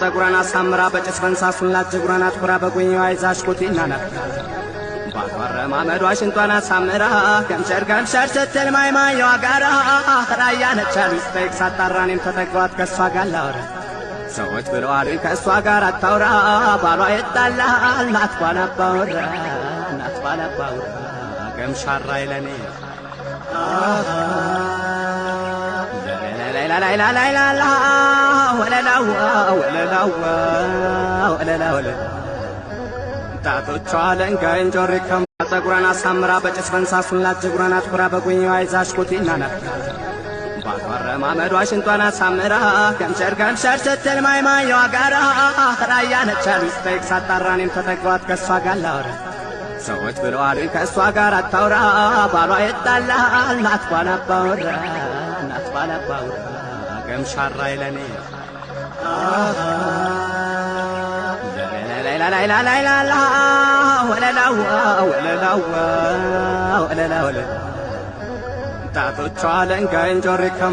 ፀጉሯን አሳምራ በጭስ ሱላት ጅጉሯን አትኩራ በጉኛዋ ይዛሽ ኮቲና ናት ባቷረ ማመዷ ሽንጧን አሳምራ ገምሸር ገምሸር ስትል ማይማየዋ ጋራ ራያ ነቻል ስጠይቅ ሳጣራ እኔም ተጠጋዋት ከእሷ ጋር ላውራ ሰዎች ብለዋሉኝ ከእሷ ጋር አታውራ ባሏ ይጣላል ናትኳን አባውራ ናትኳን አባውራ ገምሻራ ይለኔ አ Oh, oh, oh, ጣቶቿ ለንጋይን ጆሪ ከም ጸጉሯን አሳምራ በጭስ በንሳሱን ላት አትኩራ በጉኛዋ ይዛሽ ኮቴና ናት ባረማመዷ ሽንጧን አሳምራ ከምሸር ከምሸር ስትል ማይማየዋ ጋራ ራያ ነቻል ስጠይቅ ሳጣራኔም ተጠጓት ከእሷ ጋር ላወራ ሰዎች ብለዋሉኝ ከእሷ ጋር አታውራ ባሏ የጣላል አትኳን አባወራ አለባውና ገምሻራ ይለኔ ጣቶቿ ለንጋይን ጆሪ